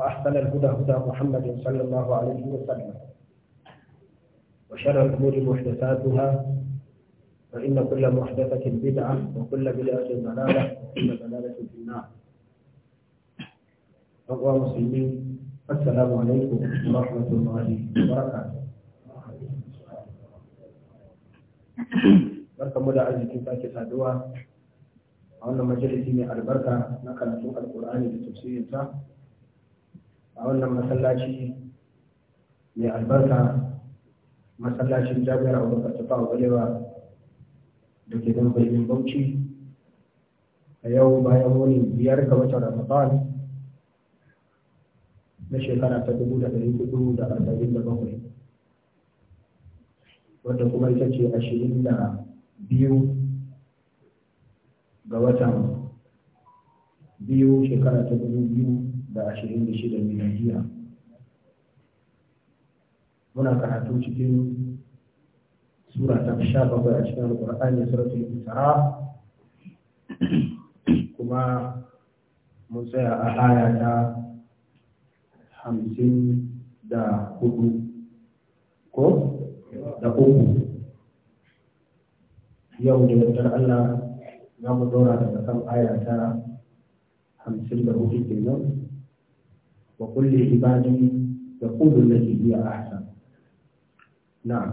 وأحسن الهدى هدى محمد صلى الله عليه وسلم وشر الأمور محدثاتها فإن كل محدثة بدعة وكل بدعة ضلالة وكل ضلالة في النار أقوى مسلمين السلام عليكم ورحمة الله وبركاته بركة da arzikin sake saduwa a wannan majalisi mai albarka na karatun alkur'ani da tafsirinsa a wannan masallaci mai albarka masallacin jami'ar abubakar ta a gwalewa da ke don birnin bauchi a yau bayan wani biyar ga watan ramadan na shekara ta dubu da ɗari hudu da arba'in da bakwai wadda kuma ita ce ashirin da biyu ga watan biyu shekara ta dubu biyu da ashirin da shida miladiya muna karatu cikin sura ta sha bakwai a cikin alƙur'ani suratul isra kuma mun tsaya a aya ta hamsin da hudu ko da uku yau da yardar Allah za mu daura daga kan aya ta hamsin da hudu kenan وقل لعبادي يقول التي هي أحسن نعم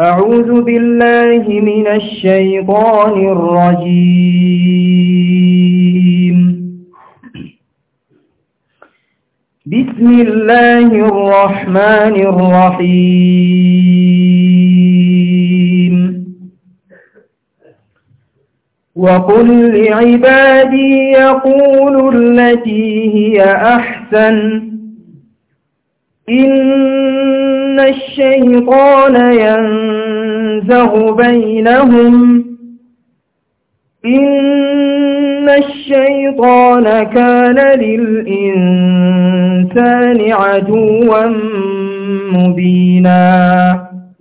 أعوذ بالله من الشيطان الرجيم بسم الله الرحمن الرحيم وقل لعبادي يقولوا التي هي أحسن إن الشيطان ينزغ بينهم إن الشيطان كان للإنسان عدوا مبينا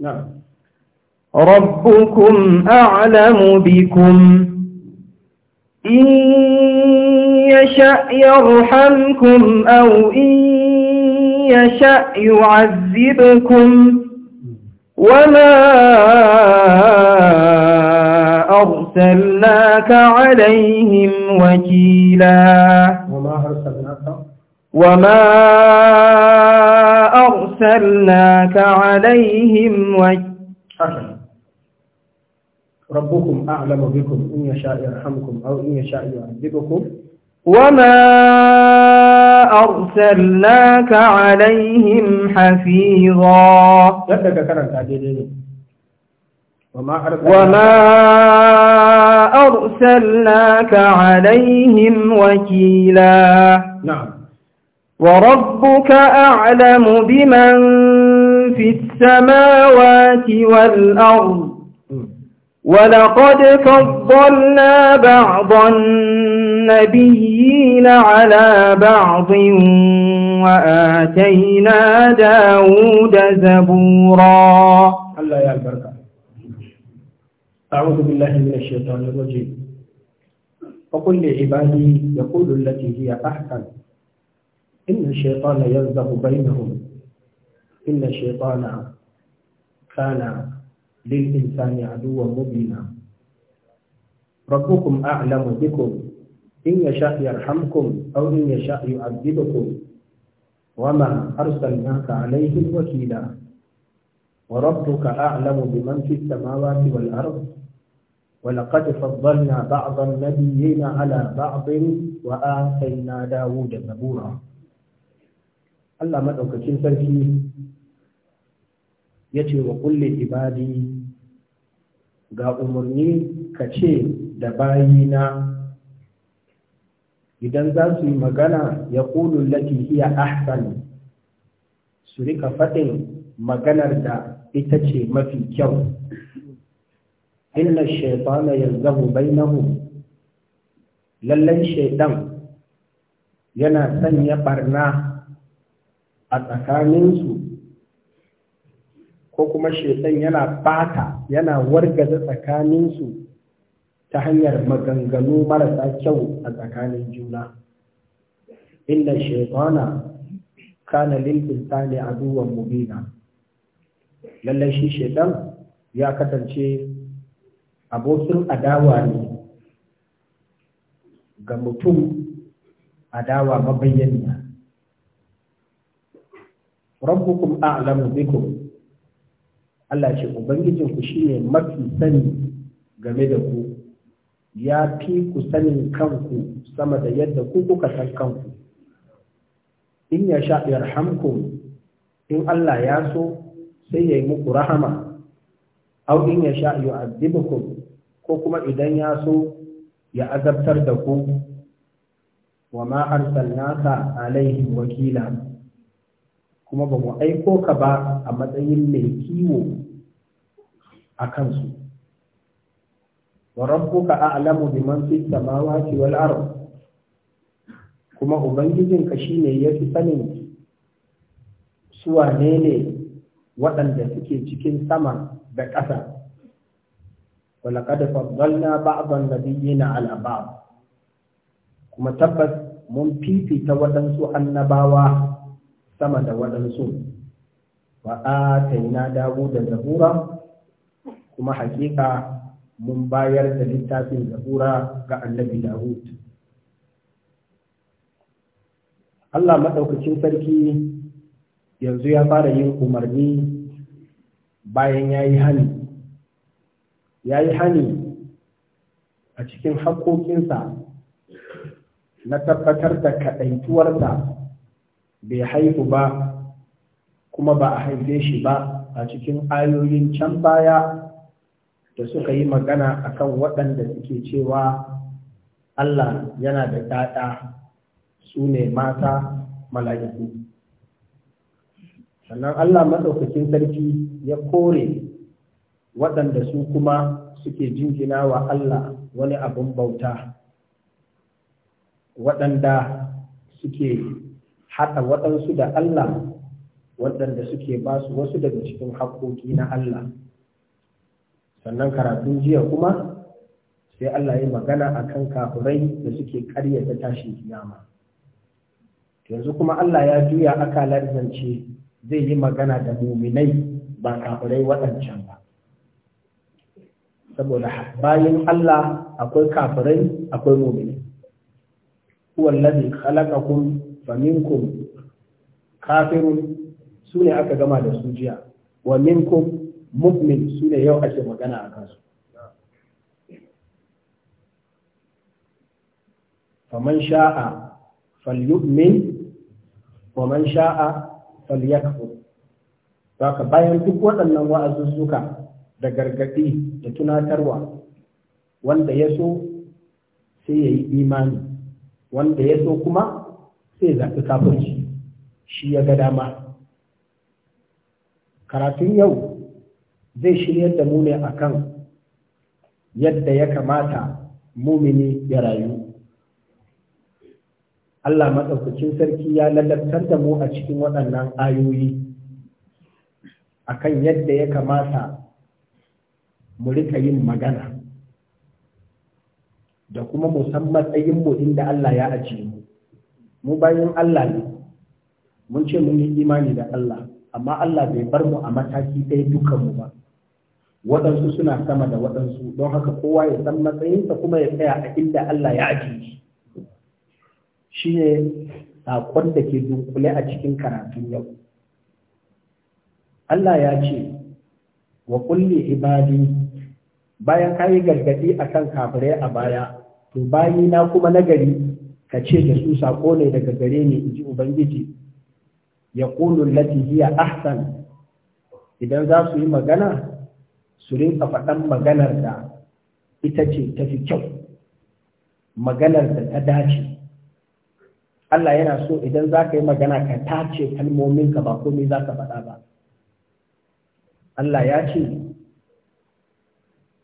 نعم. ربكم أعلم بكم إن يشأ يرحمكم أو إن يشأ يعذبكم وما أرسلناك عليهم وكيلا وما أرسلناك وما أرسلناك عليهم وكيلا ربكم أعلم بكم إن يشاء يرحمكم أو إن يشاء يعذبكم وما أرسلناك عليهم حفيظا وما أرسلناك عليهم وكيلا نعم وربك أعلم بمن في السماوات والأرض ولقد فضلنا بعض النبيين على بعض وآتينا داود زبورا الله يا البركة أعوذ بالله من الشيطان الرجيم فقل لعبادي يقول التي هي أحسن إن الشيطان ينزغ بينهم إن الشيطان كان للإنسان عدوا مبينا ربكم أعلم بكم إن يشاء يرحمكم أو إن يشاء يعذبكم وما أرسلناك عليهم وكيلا وربك أعلم بمن في السماوات والأرض ولقد فضلنا بعض النبيين على بعض وآتينا داود زبورا Allah maɗaukacin sarki ya ce wa kulle ibadi ga umarni ka ce da bayina idan za su yi magana ya kulu lati hiya ahsan su rika faɗin maganar da ita ce mafi kyau inna shaitana yanzu bainahu lallai shaiɗan yana sanya barna a tsakaninsu ko kuma shaitan yana bata yana wargaza tsakaninsu ta hanyar maganganu marasa kyau a tsakanin juna inda shaitana kana ne a duwan mubina lallai shi shaitan ya kasance abokin adawa ne ga mutum adawa mabayyana rabbukum a'lamu bikum Allah ce ubangijin ku ne mafi sani game da ku ya fi ku sanin kanku sama da yadda ku kuka san kanku in ya sha yarhamkum in Allah ya so sai ya yi muku rahama au in ya sha yu'adhibukum ko kuma idan ya so ya azabtar da ku wa ma arsalnaka alaihim wakila kuma ba mu aiko ka ba a matsayin mai kiwo a kansu wa rabbuka a'lamu biman fi samawati wal ard kuma ne shine fi sanin su wane ne waɗanda suke cikin sama da ƙasa ولقد فضلنا da النبيين na بعض kuma tabbas mun fifita waɗansu annabawa sama da waɗansu wa na dawo da zabura kuma hakika mun bayar da littafin zabura ga annabi dawud Allah maɗaukacin sarki yanzu ya fara yin umarni bayan ya yi hani ya yi hani a cikin haƙoƙinsa na tabbatar da kaɗaituwarsa bai haihu ba kuma ba a haife shi ba a cikin ayoyin can baya da suka yi magana akan waɗanda suke cewa Allah yana da ɗaɗa su ne mata mala'iku. Sannan Allah maɗaukakin sarki ya kore waɗanda su kuma suke jingina wa Allah wani abin bauta, waɗanda suke haɗa waɗansu da Allah waɗanda suke ba su wasu daga cikin haƙoƙi na Allah sannan karatun jiya kuma sai Allah ya magana akan kafurai da suke ta tashi kiyama yanzu kuma Allah ya juya aka zance zai yi magana da muminai ba kafirai waɗancan ba saboda bayan Allah akwai kafurai akwai muminai huwallazi khalaqakum faminkum kafirun su ne aka gama da su jiya wa minkum mu'min su ne yau ake magana a kansu faman sha'a falyu'min wa man sha'a falyakfur ka bayan duk waɗannan wa'azuzzuka da gargaɗi da tunatarwa wanda ya so sai ya yi imani wanda ya so kuma sai zaɓi kafirci shi ya ga dama karatun yau zai shiryar da mu ne akan yadda ya kamata mumini ya rayu Allah maɗaukacin sarki ya lalatar da mu a cikin waɗannan ayoyi akan yadda ya kamata mu rika yin magana da kuma musamman matsayinmu inda Allah ya ajiye mu mu bayan Allah ne mun ce mun yi imani da Allah amma Allah bai bar mu a mataki ɗaya dukan mu ba waɗansu suna sama da waɗansu don haka kowa ya san matsayinsa kuma ya tsaya a inda Allah ya ajiye shi ne saƙon da ke dunkule a cikin karatun yau Allah ya ce wa kulli ibadi bayan ka yi gargaɗi a kan kafirai a baya to bayi na kuma nagari ka ce da su sako ne daga gare ni in ji ubangiji ya kulu lati hiya ahsan idan za su yi magana su rinka faɗan maganar da ita ce ta fi kyau maganar da ta dace Allah yana so idan za ka yi magana ka tace ka ba komai za ka faɗa ba Allah ya ce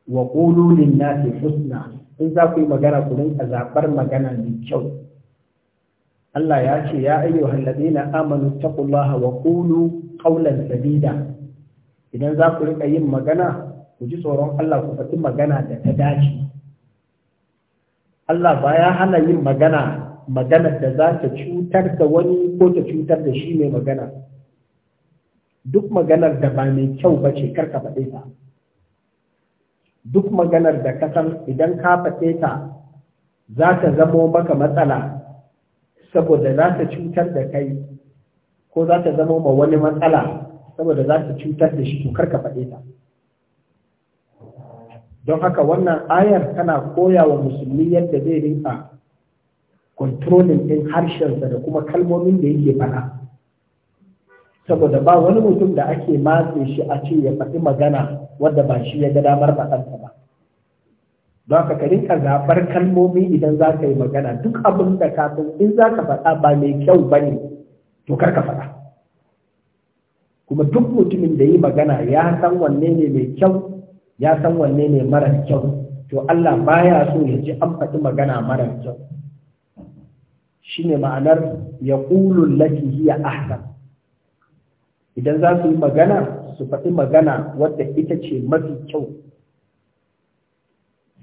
wa ƙulu nasi husna in za ku yi magana ku rinka zaɓar magana mai kyau Allah ya ce ya ayyu halladina amanu taqullaha wa Kulu ƙaunar sabida idan za ku rinka yin magana ku ji tsoron Allah ku faɗi magana da ta dace Allah ba ya hana yin magana magana da za ta cutar da wani ko ta cutar da shi mai magana duk maganar da ba mai kyau ba ce karka faɗe ta duk maganar da ka san idan ka fate ta za ta zamo maka matsala saboda za ta cutar da kai ko za ta zamo ma wani matsala saboda za ta cutar da shi to kar ka faɗe ta don haka wannan ayar tana koya wa musulmi yadda zai rinka kontrolin harshen harshensa da kuma kalmomin da yake faɗa saboda ba wani mutum da ake matse shi a ce ya faɗi magana wadda ba shi ya ga damar faɗansa ba don ka rinka zaɓar kalmomi idan za ka yi magana duk abin da ka san in za ka faɗa ba mai kyau ba ne to kar ka faɗa kuma duk mutumin da yi magana ya san wanne ne mai kyau ya san wanne ne marar kyau to Allah baya so ya ji an faɗi magana marar kyau Shi ne ma'anar ya ƙulun laki hiya ahsan idan za su yi magana su faɗi magana wadda ita ce mafi kyau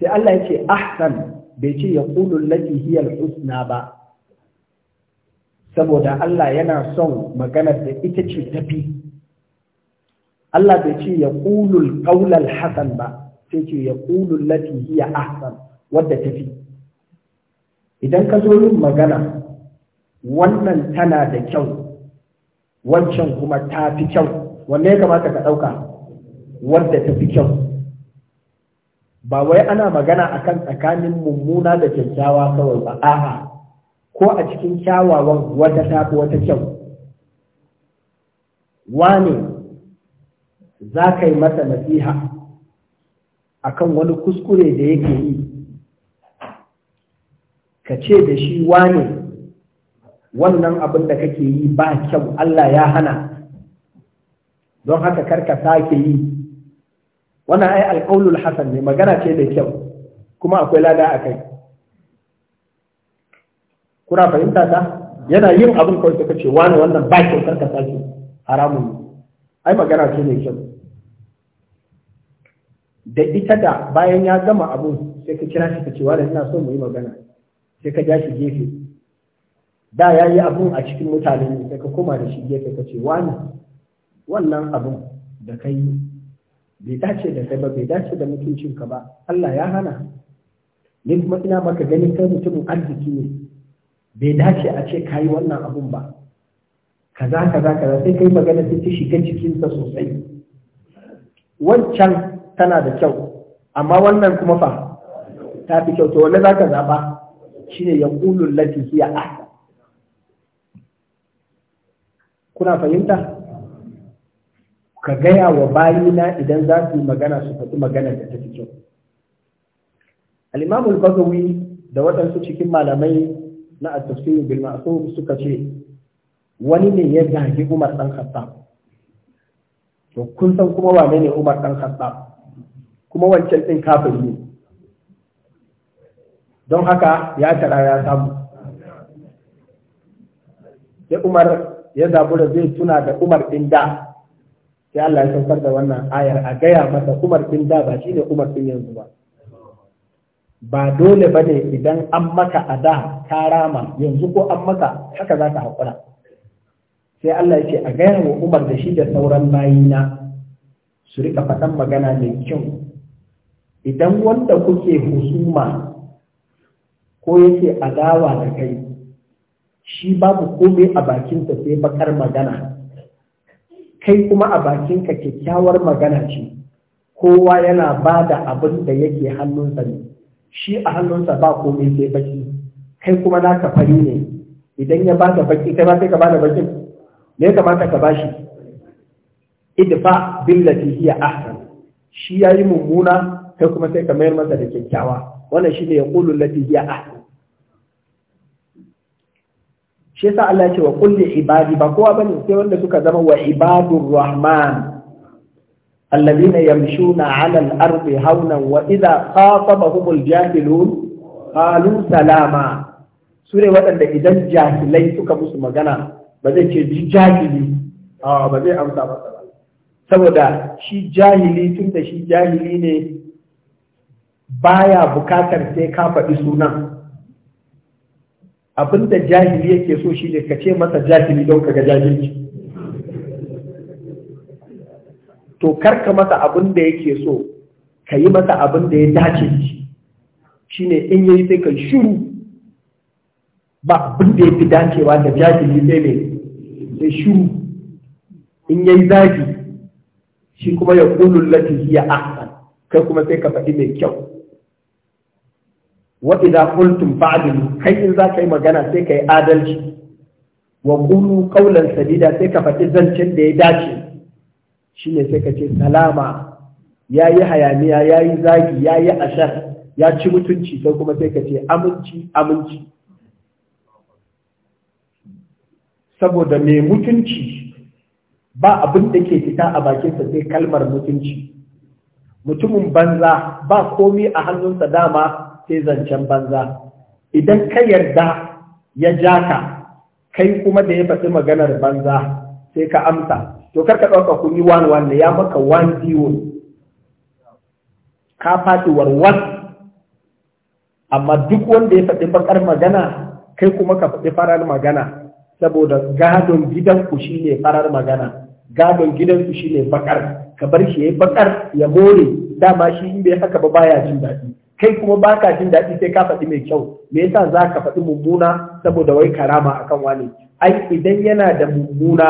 sai Allah ya ce ahsan bai ce ya ƙulun lafi hiyar husna ba saboda Allah yana son magana da ita ce tafi Allah bai ce ya ƙulun ƙaular hasan ba sai ce ya ƙulun lafi hiyar ahsan wadda tafi idan ka zo yin magana wannan tana da kyau wancan kuma ta fi kyau wanne ya kamata ka ɗauka wadda ta fi kyau ba wai ana magana akan tsakanin mummuna da kyakkyawa kawai ba ha, ko a cikin kyawawan wata ta fi wata kyau wane za ka yi masa nasiha akan wani kuskure da yake yi ka ce da shi wane wannan abin da kake yi ba kyau Allah ya hana don haka karka sake yi wannan ai alƙaulul hasan ne magana ce da kyau kuma akwai lada a kai kuna fahimta ta yana yin abin kawai suka ce wani wannan ba kyau karka sake haramun ne ai magana ce da kyau da ita da bayan ya gama abun sai ka kira shi ka ce wani ina so mu yi magana sai ka ja shi gefe da ya yi abun a cikin mutane ne sai ka koma da shi gefe ka ce wani wannan abun da ka yi bai dace da kai ba bai dace da mutuncinka ba Allah ya hana ni kuma ina maka ganin kai mutumin arziki ne bai dace a ce ka yi wannan abun ba kaza kaza kaza sai kai magana sai ta shiga cikinsa sosai wancan tana da kyau amma wannan kuma fa ta fi kyau to wanda zaka zaba shine yaqulu lati hiya ahsan kuna fahimta ka gaya wa bayina idan za su yi magana su faɗi magana da ta fi kyau alimamul bagawi da waɗansu cikin malamai na at bil ma'sum suka ce wani ne ya zagi Umar ɗan Khattab to kun san kuma wane ne Umar ɗan Khattab kuma wancan ɗin kafiri ne don haka ya tara ya samu sai Umar ya zabu da zai tuna da Umar bin da sai Allah ya saukar da wannan ayar a gaya masa Umar bin da ba shine Umar bin yanzu ba ba dole ba ne idan an maka a da ka rama yanzu ko an maka haka za ka haƙura sai Allah ya ce a gaya wa Umar da shi da sauran bayina su rika faɗan magana mai kyau idan wanda kuke husuma ko yake adawa da kai shi babu komai a bakinsa sai bakar magana kai kuma a bakinka kyakkyawar magana ce kowa yana ba da abin da yake hannunsa ne shi a hannunsa ba komai sai baki kai kuma ka fari ne idan ya ba da baki kai ma sai ka ba da bakin me ya kamata ka bashi idfa billati hiya ahsan shi yayi mummuna kai kuma sai ka mayar masa da kyakkyawa wannan shine yaqulu lati hiya ahsan shi yasa Allah ya ce wa kulli ibadi ba kowa bane sai wanda suka zama wa ibadur rahman alladhina yamshuna 'ala al-ardi hawnan wa idha al jahilun qalu salama Sure waɗanda idan jahilai suka musu magana ba zai ce jahili a ba zai amsa ba saboda shi jahili tun da shi jahili ne baya bukatar sai ka faɗi sunan abin da jahili yake so shi ne ka ce masa jahili don ka ga jahilci to karka masa abin da yake so ka yi masa abin da ya dace shi ne in yi sai ka shiru ba abin da ya fi dacewa da jahili sai ne sai shiru in yi zafi. shi kuma ya kulun lati hiya ahsan kai kuma sai ka faɗi mai kyau wa idza qultum fa'dilu kai in za ka yi magana sai ka yi adalci wa qulu qawlan sadida sai ka faɗi zancen da ya dace shine sai ka ce salama yayi hayaniya yayi zagi yayi ashar ya ci mutunci sai kuma sai ka ce aminci aminci saboda mai mutunci ba abin da ke fita a bakinsa sai kalmar mutunci mutumin banza ba komi a hannunsa dama sai zancen banza idan ka yarda ya ja ka kai kuma da ya faɗi maganar banza sai ka amsa to ka ɗauka kun yi wani wani ya maka wani biyu ka faɗi warwar amma duk wanda ya faɗi bakar magana kai kuma ka faɗi farar magana saboda gadon gidanku shine farar magana gadon gidanku shine bakar ka bar shi ya bakar ya more dama shi in bai haka ba baya jin daɗi kai kuma ba ka jin daɗi sai ka faɗi mai kyau me yasa za ka faɗi mummuna saboda wai karama akan wani ai idan yana da mummuna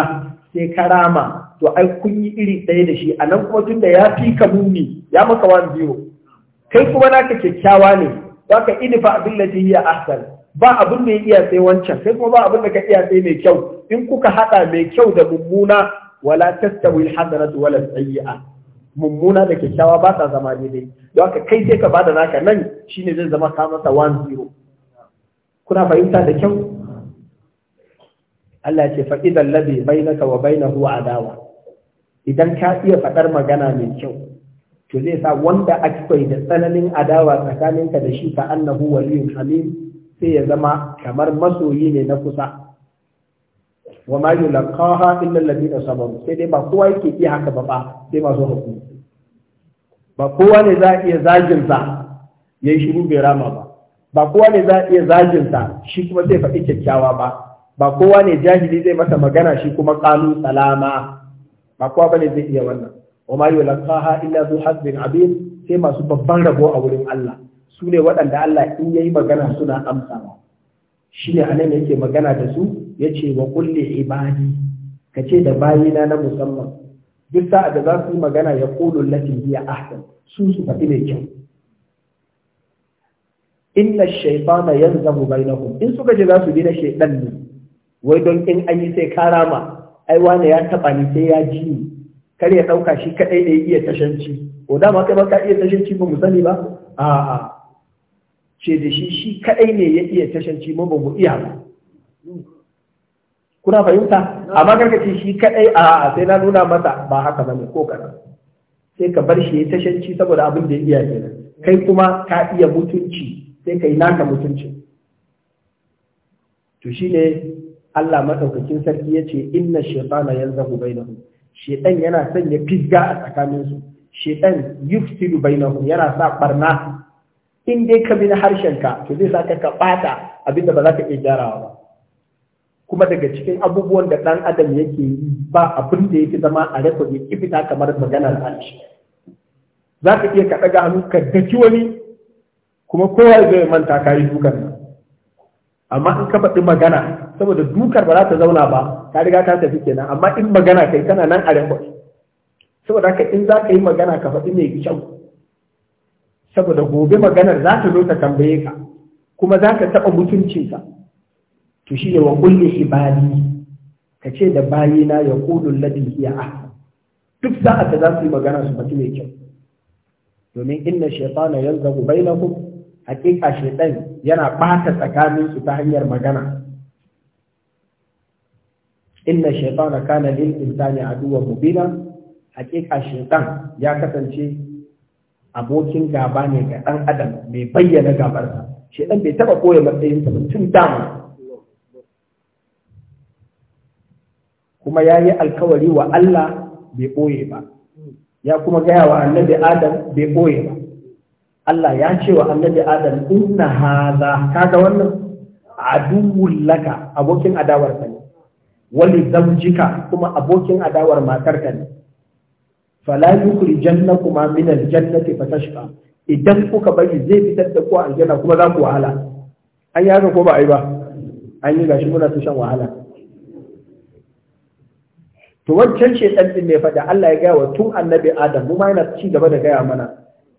sai karama to ai kun yi iri ɗaya da shi a nan kuma tun da ya fi ka muni ya maka wani biyu kai kuma naka kyakkyawa ne za ka inifa abin da ya ahsan ba abin da ya iya sai wancan kai kuma ba abin da ka iya sai mai kyau in kuka haɗa mai kyau da mummuna wala tastawi al-hasanatu wala sayyi'a mummuna da kyakkyawa ba sa zama daidai don haka kai sai ka bada naka nan shine zai zama ka masa 1-0 kuna fahimta da kyau Allah ce fa'idan labe bai naka wa bai na adawa idan ka iya faɗar magana mai kyau to zai sa wanda ake kai da tsananin adawa tsakaninka da shi ka annahu waliyun amin sai ya zama kamar masoyi ne na kusa wa ma yulqaha illa alladhina sabaru sai dai ba kowa yake iya haka ba ba sai masu hakuri ba kowa ne za a iya zagin sa yayi shiru bai rama ba ba kowa ne za a iya zagin sa shi kuma zai faɗi kyakkyawa ba ba kowa ne jahili zai masa magana shi kuma qalu salama ba kowa bane zai iya wannan wa ma yulqaha illa dhu hasbin abid sai masu babban rabo a wurin Allah su ne waɗanda Allah in yayi magana suna amsawa shi ne anan yake magana da su ya ce wa kulli ibadi ka ce da bayina na musamman duk sa'a da za su yi magana ya kulun lati biya ahdan su su faɗi mai kyau inna shaitana yanzamu bainahum in suka ce za su bi na shaitan ne wai don in an yi sai ma ai wani ya taba ni sai ya ji ni kar ya dauka shi kadai da iya tashanci ko da ma kai ba ka iya tashanci ba mu sani ba a'a ce da shi shi kadai ne ya iya tashanci mu ba mu iya ba kuna fahimta amma karka ce shi kadai a sai na nuna masa ba haka bane ko kana sai ka bar shi ya tashanci saboda abin da ya iya kenan kai kuma ka iya mutunci sai kai naka mutunci to shine Allah madaukakin sarki yace inna shaytana yanzahu bainahum shaytan yana sanya fisga a tsakanin su shaytan yufsidu bainahum yana sa barna in dai ka bi harshen ka to zai sa ka bata abinda ba za ka iya gyarawa ba kuma daga cikin abubuwan da ɗan adam yake yi ba abin da yake zama a rekod ya fita kamar maganar aisha za ka iya ka ɗaga hannu ka daki wani kuma kowa zai manta ka yi dukan nan amma in ka faɗi magana saboda dukar ba za ta zauna ba ka riga ta tafi kenan amma in magana kai kana nan a rekod saboda haka in za ka yi magana ka faɗi mai kyau saboda gobe maganar za ta zo ta tambaye ka kuma za ka taɓa mutuncinka to shi ne wa kulli ibadi ka ce da bayina ya kudu ladin iya a ah. duk sa'a da za su yi magana su batu mai kyau domin inna shaitana na bainakum hakika shaitan yana bata tsakanin su ta hanyar magana inna shaitana kana lil insani aduwwa mubina hakika shaitan ya kasance abokin gaba ne ga dan adam mai bayyana gabarsa shaitan bai taba koya matsayin ba tun dama kuma ya yi alkawari wa Allah bai ɓoye ba ya kuma gaya wa annabi adam bai ɓoye ba Allah ya ce wa annabi adam inna haza kaga wannan aduwwul laka abokin adawar ka ne wali zawjika kuma abokin adawar matar ka ne fala jannati min aljannati fatashqa idan kuka bari zai fitar da ku aljanna kuma za ku wahala an yi ko ba a yi ba an yi gashi muna su shan wahala to wancan shaitan din ne fada Allah ya gaya wa tun annabi Adam mu ma yana ci gaba da gaya mana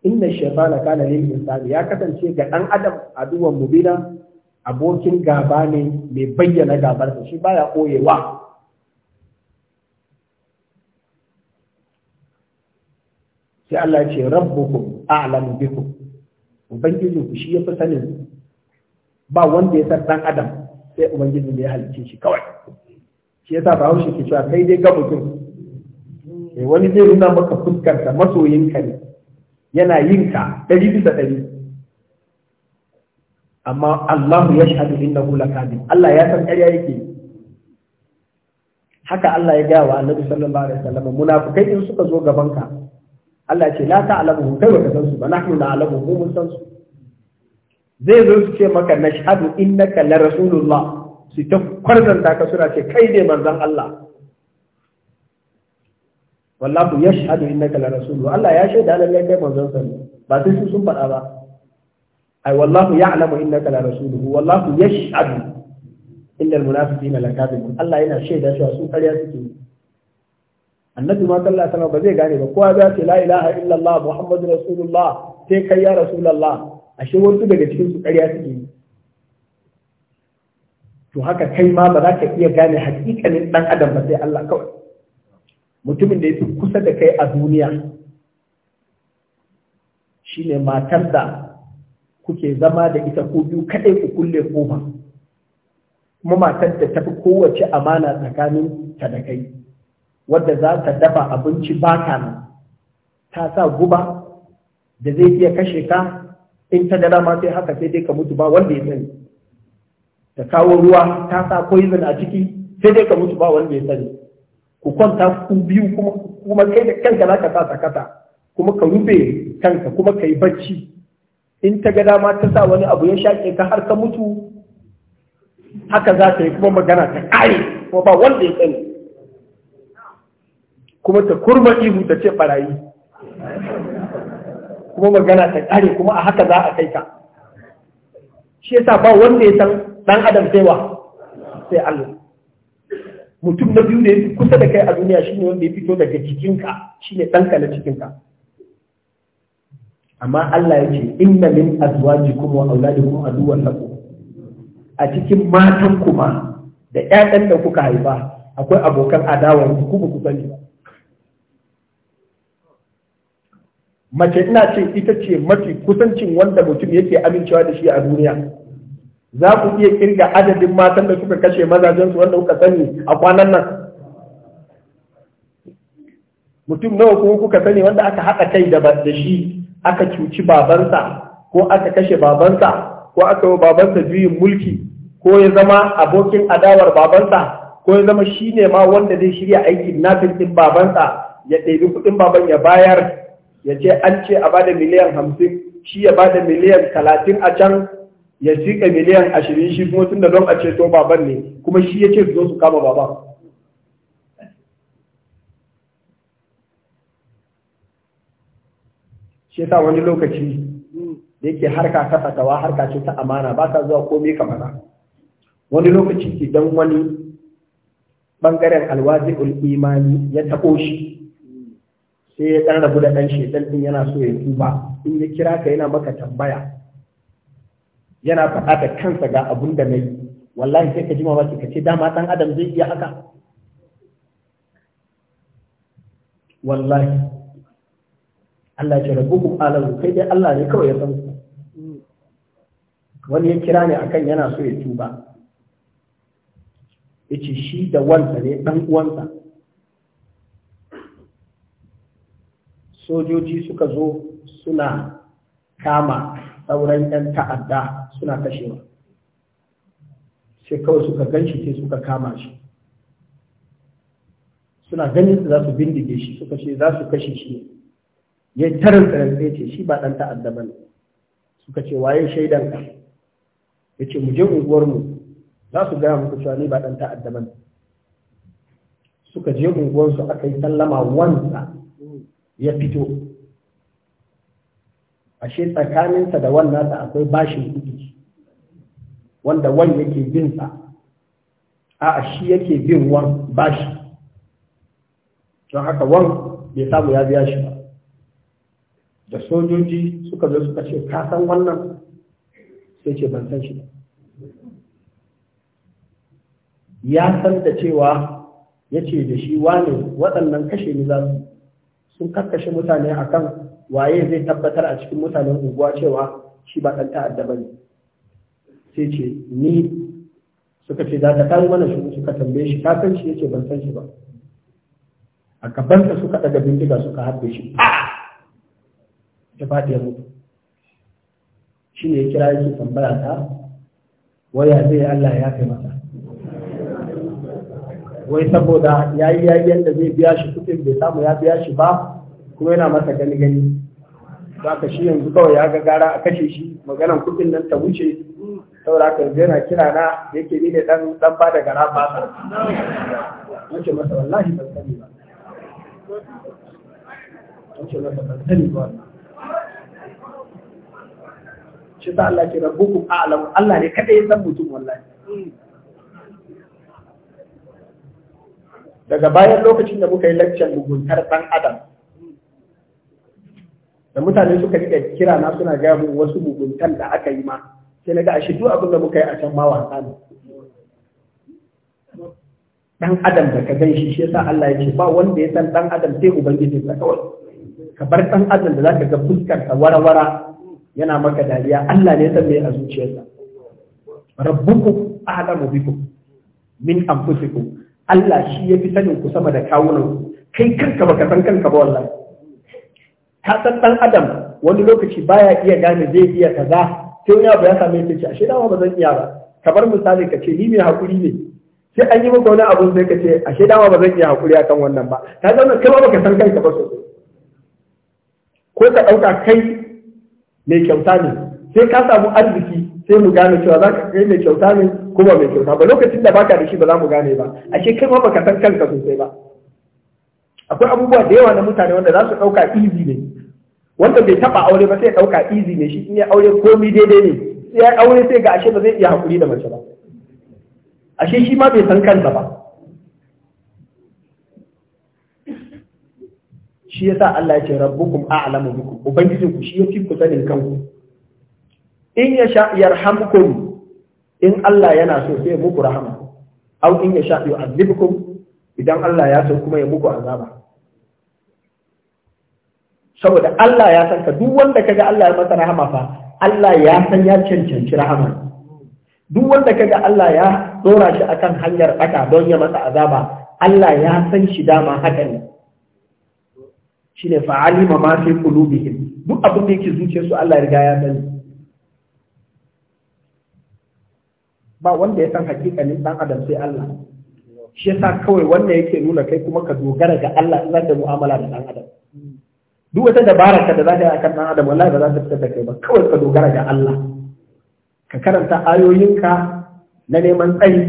inna shaytana kana lil insani ya kasance ga dan adam a mu mubina abokin gaba ne mai bayyana gabar shi baya koyewa sai Allah ya ce rabbukum a'lam bikum ubangiji ku shi ya fi sanin ba wanda ya san dan adam sai ubangiji ne ya halice shi kawai shi yasa ba haushe ke cewa kai dai ga mutum eh wani zai nuna maka fuskarka ka ne yana yin ka ɗari bisa ɗari amma Allah ya shahadu innahu lakadib Allah ya san ƙarya yake haka Allah ya gaya wa Annabi sallallahu alaihi wasallam munafikai in suka zo gaban ka Allah ce la ta'lamu kai baka san su ba nahnu na'lamu mu mun san su zai zo su ce maka nashhadu innaka la rasulullah su ta kwarzanta ka suna ce kai ne manzan Allah wallahu yashhadu innaka la rasulu Allah ya shaida nan ya kai manzon sa ne ba sai su sun faɗa ba ai wallahu ya'lamu innaka la rasuluhu wallahu yashhadu innal munafiqina lakadibun Allah yana shaida cewa su ƙarya suke annabi ma sallallahu alaihi wasallam ba zai gane ba kowa za ce la ilaha illallah muhammadu rasulullah sai kai ya rasulullah ashe wasu daga cikin su ƙarya suke yi to haka kai ma ba za ka iya gane hakikalin ɗan adam ba sai Allah kawai mutumin da ya fi kusa da kai a duniya shine matar da kuke zama da ita ko biyu kaɗai ku kulle koma kuma matar da tafi kowace amana tsakanin ta da kai wadda za ta dafa abinci ta nan ta sa guba da zai iya kashe ka in ta dara ma sai haka sai dai ka mutu ba wanda ya sani ta kawo ruwa ta sa poison a ciki sai dai ka mutu ba wanda ya sani ku kwanta ku biyu kuma kuma kai da kanka ka sa sakata kuma ka rufe kanka kuma ka yi bacci in ta ga dama ta sa wani abu ya shaƙe ka har ka mutu haka za ta yi kuma magana ta ƙare kuma ba wanda ya sani kuma ta kurma ihu ta ce barayi kuma magana ta ƙare kuma a haka za a kai ka shi yasa ba wanda ya san dan adam sai wa sai Allah mutum na biyu da ya kusa da kai a duniya shine wanda ya fito daga jikinka shine ɗanka na cikinka amma Allah ya ce inna min azwajikum wa auladikum aduwwan lakum a cikin matan kuma da ƴaƴan da kuka haifa akwai abokan adawa ku ba ku sani mace ina ce ita ce mafi kusancin wanda mutum yake amincewa da shi a duniya za ku iya kirga adadin matan da suka kashe mazajensu wanda kuka sani a kwanan nan mutum nawa kuma kuka sani wanda aka haɗa kai da shi aka cuci babansa ko aka kashe babansa ko aka yi babansa juyin mulki ko ya zama abokin adawar babansa ko ya zama shi ne ma wanda zai shirya aikin nafin ɗin babansa ya ɗebi kuɗin baban ya bayar ya ce an ce a bada miliyan hamsin shi ya bada miliyan talatin a can ya jika miliyan ashirin shi kuma tun da don a ceto baban ne kuma shi ya ce zo su kama baban shi ta wani lokaci da yake harka ta fatawa harka ce ta amana ba ta zuwa komai kamar wani lokaci idan wani bangaren alwazi imani ya taɓo shi sai ya ɗan rabu da ɗan shedan din yana so ya tuba in ya kira ka yana maka tambaya yana faɗa da kansa ga abun da nayi wallahi sai ka ji mamaki ka ce dama ɗan adam zai iya haka wallahi Allah ya rabbukum alamu kai dai Allah ne kawai ya san su wani ya kira ne akan yana so ya tuba ce shi da wansa ne dan uwansa sojoji suka zo suna kama sauran 'yan ta'adda suna kashewa sai kawai suka gan shi sai suka kama shi suna ganin za su bindige shi suka ce za su kashe shi ya tarin tsaron ce shi ba ɗan ta'adda ba ne suka ce waye shaidan ka ya ce mu je unguwarmu za su gaya muku cewa ni ba ɗan ta'adda ba ne suka je unguwarsu aka yi sallama wansa ya fito ashe tsakaninsa da wannan da akwai bashin kuɗi wanda wan yake bin sa a'a shi yake bin wan bashi don haka wan bai samu ya biya shi ba da sojoji suka zo suka ce ka san wannan sai ce ban san shi ba ya san da cewa ya ce da shi wane waɗannan kashe ni za sun kakkashe mutane akan waye zai tabbatar a cikin mutanen unguwa cewa shi ba ɗan ta'adda ba ne sai ce ni suka ce za ta kayi mana shi suka tambaye shi ka san shi yace ban san shi ba a ka suka daga bindiga suka harbe shi ya faɗi ya mutu shi ne ya kira yake tambaya ta waya zai Allah ya kai masa wai saboda ya yi yayin da zai biya shi kuɗin bai samu ya biya shi ba kuma yana masa gani gani za ka shi yanzu kawai ya ga gara a kashe shi maganan kuɗin nan ta wuce saboda aka yanzu yana kina na da yake ni ne dan dan ba daga na ba sa nace masa wallahi ban sani ba nace masa ban sani ba shi ta Allah ke rabbukum a'lamu Allah ne kada ya san mutum wallahi daga bayan lokacin da muka yi laccan muguntar dan adam da mutane suka rika kira na suna gaya mun wasu muguntan da aka yi ma sai na ga ashe duk abin da muka yi a can ma wasa ne dan adam da ka gan shi shi yasa Allah ya ce ba wanda ya san dan adam sai ubangiji sa kawai ka bar dan adam da zaka ga fuskar sa warawara yana maka dariya Allah ne ya san me a zuciyarsa rabbukum a'lamu bikum min anfusikum Allah shi ya fi sanin ku sama da kawunan kai kanka baka san kanka ba wallahi ka san dan adam wani lokaci baya iya gane zai iya kaza sai wani abu ya same ta ce ashe dama ba zan iya ba kamar misali ka ce ni mai hakuri ne sai an yi maka wani abu sai ka ce ashe dama ba zan iya hakuri akan wannan ba ta zama kai ba baka san kanka ba sosai ko ka ɗauka kai mai kyauta ne sai ka samu arziki sai mu gane cewa za ka kai mai kyauta ne ko ba mai kyauta ba lokacin da baka da shi ba za mu gane ba ashe kai ma baka san kanka sosai ba akwai abubuwa da yawa na mutane wanda za su ɗauka izi ne wanda bai taba aure ba sai dauka easy ne shi in ya aure komai daidai ne sai ya aure sai ga ashe ba zai iya hakuri da mace ba ashe shi ma bai san kansa ba shi yasa Allah ya ce rabbukum a'lamu bikum ku shi yake ku sanin kanku in ya sha yarhamukum in Allah yana so sai muku rahama aw in ya sha yu'adhibukum idan Allah ya so kuma ya muku azaba saboda Allah ya san ka duk wanda kaga Allah ya masa rahama fa Allah ya san ya cancanci rahama duk wanda kaga Allah ya dora shi akan hanyar aka don ya masa azaba Allah ya san shi dama haka ne shine fa'alima ma fi qulubihim duk abin da yake zuciyarsu Allah ya riga ya sani ba wanda ya san hakikanin dan adam sai Allah shi yasa kawai wanda yake nuna kai kuma ka dogara ga Allah in zaka mu'amala da dan adam duk wata dabara ka da za ka yi a dan adam wallahi ba za ta fitar da kai ba kawai ka dogara ga Allah ka karanta ayoyinka na neman tsayi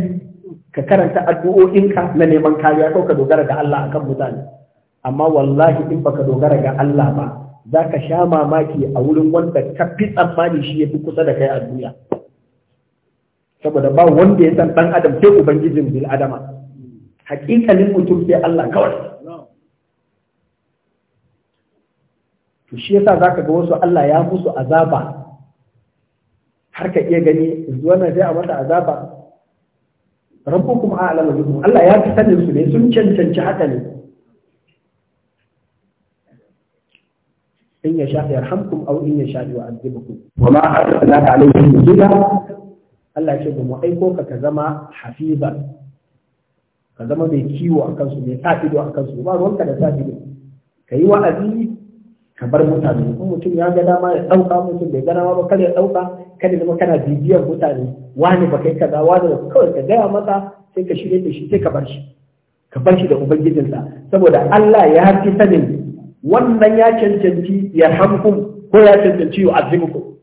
ka karanta addu'o'inka na neman kariya ko ka dogara ga Allah akan mutane amma wallahi in baka dogara ga Allah ba za ka sha mamaki a wurin wanda ka fi tsammani shi ya fi kusa da kai a duniya saboda ba wanda ya san dan adam sai ubangijin bil adama hakikalin mutum sai Allah kawai to shi yasa zaka ga wasu Allah ya musu azaba har ka iya gani wannan sai a mata azaba rabbukum a'lamu bikum Allah ya fi sanin su ne sun cancanci haka ne in ya sha yarhamkum aw in ya sha yu'adhibukum wa ma arsalnaka alaihim nuzula Allah ya ce ba mu aiko ka ka zama hafiza ka zama mai kiwo akan su mai sa ido akan su ba ruwanka da sa ido ka yi wa'azi ka bar mutane in mutum ya ga dama ya ɗauka mutum bai gana ba kada ya ɗauka kada zama kana bibiyar mutane wani ba kai kaza wani ba kawai ka gaya masa sai ka shirya da shi sai ka bar shi ka bar shi da ubangijinsa saboda Allah ya fi sanin wannan ya cancanci ya hamkum ko ya cancanci ya azibukum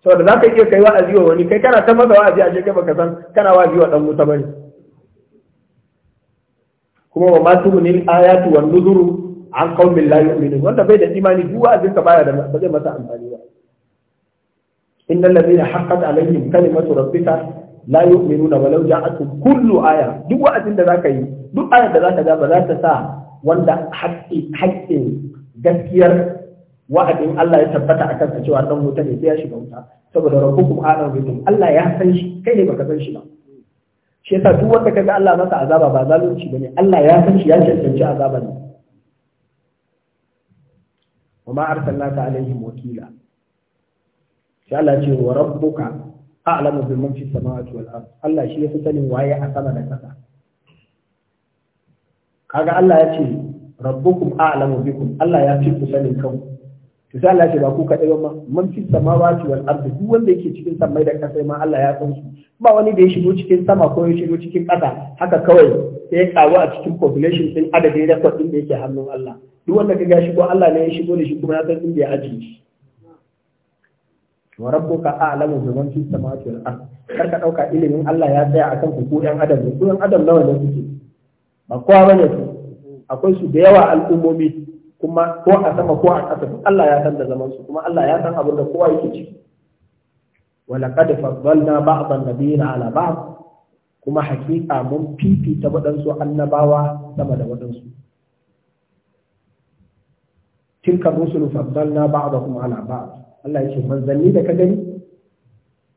saboda za ka iya kai wa'azi wa wani kai kana ta masa wa'azi a shekai baka san kana wa'azi wa dan wuta bane kuma wa ma tughnil ayatu wa nuzuru an kaumin la yu'minun wanda bai da imani duk wa'azin ka baya da ba zai masa amfani ba innal ladina haqqat alaihim kalimatu rabbika la yu'minuna walau ja'atuhum kullu aya duk wa'azin da zaka yi duk ayar da zaka ga ba za ta sa wanda haƙƙi haƙƙin gaskiyar wa'adin Allah ya tabbata a kansa cewa dan wuta ne sai ya shiga wuta saboda rabbukum a'lamu bikum Allah ya san shi kai ne baka san shi ba shi yasa duk wanda kaga Allah masa azaba ba zalunci bane Allah ya san shi ya cancanci azaba ne wa ma arsalnaka alaihim wakila sai Allah ce wa rabbuka a'lamu biman fi samawati wal ard Allah shi yafi sanin waye a sama da kasa kaga Allah ya ce rabbukum a'lamu bikum Allah ya ce ku sanin kanku to sai Allah ya ce ba ku ka ba man fi samawati wal ard duk wanda yake cikin samai da kasa ma Allah ya san su ba wani da ya shigo cikin sama ko ya shigo cikin kasa haka kawai sai ya karu a cikin population din adadin record din da yake hannun Allah duk wanda gashi shigo Allah ne ya shigo da shi kuma ya san inda ya ajiye shi wa rabbuka a'lamu bi man fi samawati wal ard kar ka dauka ilimin Allah ya tsaya akan ku ko yan adam ne yan adam nawa ne kuke ba kowa bane ku akwai su da yawa al'ummomi kuma ko a sama ko a ƙasa duk Allah ya san da zaman su kuma Allah ya san abin da kowa yake ciki wa laqad faddalna ba'd an-nabiyina 'ala ba'd kuma hakika mun fifita waɗansu annabawa sama da waɗansu tilka rusul faddalna ba'dahum ala ba'd Allah ya ce manzanni da ka gani